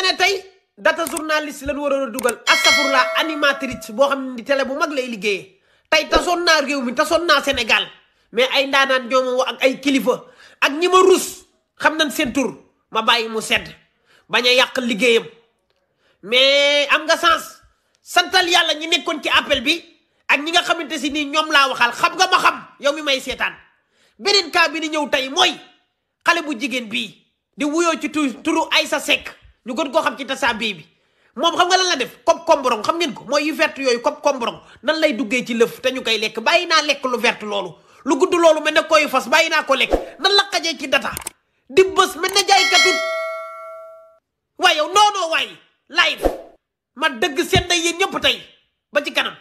ne ne tey data journaliste lañ waroon a dugal astafurla animatrice boo xam ne télé bu mag lay liggéeyee tey tasoon naa réew mi tasoon naa Sénégal mais ay ndaanaan ñoom ak ay kilifa ak ñi ma rus xam nañ seen tur ma bàyyi mu sedd bañ yàq liggéeyam mais am nga sens santal yàlla ñi nekkoon ci appel bi ak ñi nga xamante si nii ñoom laa waxal xam nga ma xam yow mi may seetaan beneen kaa bi ni ñëw tey mooy xale bu jigéen bii di wuyoo ci turu sa Seck ñu gën koo xam ci tasaabi bi moom xam nga lan la def kopp komborong xam ngeen ko mooy yu vert yooyu kopp komborong nan lay duggee ci lëf te ñu koy lekk bàyyi naa lekk lu vert loolu lu gudd loolu mel ne koy fas bàyyi naa ko lekk nan la xajee ci data di bës mel ne jaaykatu waaye yow noonoo waay live ma dëgg seen day yéen ñëpp tey ba ci kanam